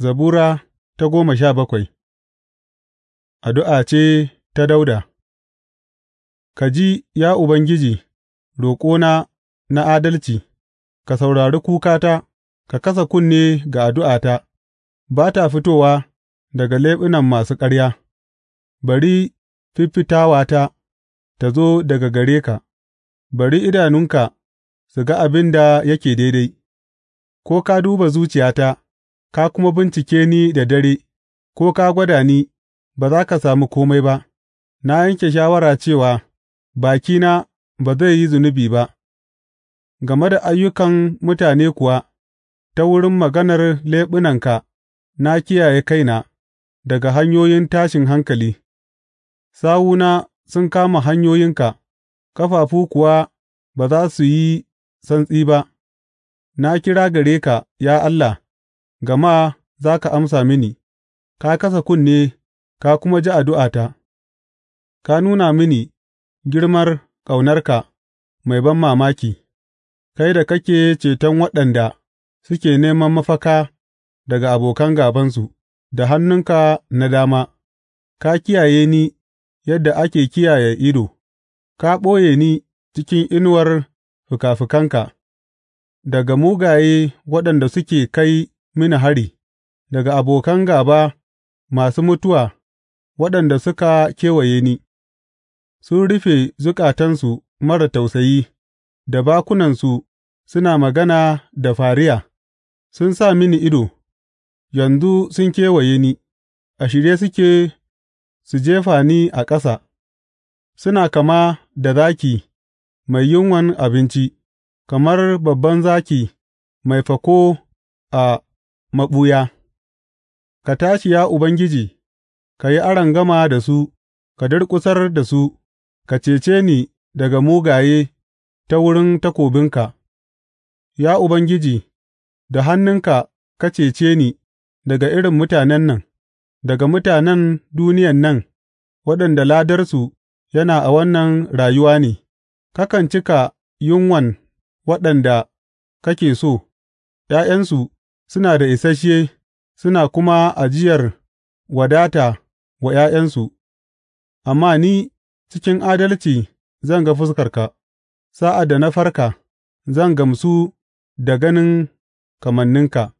Zabura ta goma sha bakwai Addu'a ce ta Dauda Ka ji, ya Ubangiji, roƙona na adalci, ka saurari kukata, ka kasa kunne ga addu'ata, ba ta fitowa daga leɓunan masu ƙarya, bari fiffitawata ta zo daga gare ka, bari idanunka su ga abin da yake daidai, ko ka duba zuciyata. ka kuma bincike ni da dare, ko ka gwada ni, ba za ka sami kome ba, na yanke shawara cewa bakina ba zai yi zunubi ba, game da ayyukan mutane kuwa, ta wurin maganar leɓunanka na kiyaye kaina daga hanyoyin tashin hankali, sawuna sun kama hanyoyinka, ƙafafu kuwa ba za su yi santsi ba, na kira gare ka, ya Allah. gama za ka amsa mini; ka kasa kunne ka kuma ji addu'ata, ka nuna mini girmar ƙaunarka mai ban mamaki. kai da kake ceton waɗanda suke neman mafaka daga abokan gābansu da hannunka na dama; ka kiyaye ni yadda ake kiyaye ido, ka ɓoye ni cikin inuwar fikafikanka daga mugaye waɗanda suke kai. mini hari, daga abokan gāba masu mutuwa waɗanda suka kewaye ni; sun rufe zukatansu marar tausayi, da bakunansu suna magana da fariya; sun sa mini ido, yanzu sun kewaye ni, a shirye suke su jefa ni a ƙasa, suna kama da zaki mai yunwan abinci, kamar babban zaki mai fako a maɓuya Ka tashi, ya Ubangiji, ka yi gama da su, ka durƙusar da su; ka cece ni daga mugaye ta wurin takobinka, Ya Ubangiji, da hannunka ka cece ni daga irin mutanen nan, daga mutanen duniyan nan waɗanda ladarsu yana a wannan rayuwa ne; kakan cika yunwan waɗanda kake so, ’ya'yansu. suna da isasshe suna kuma ajiyar wadata wa ’ya'yansu, amma ni cikin adalci zan ga fuskarka; sa'ad da na farka, zan gamsu da ganin kamanninka.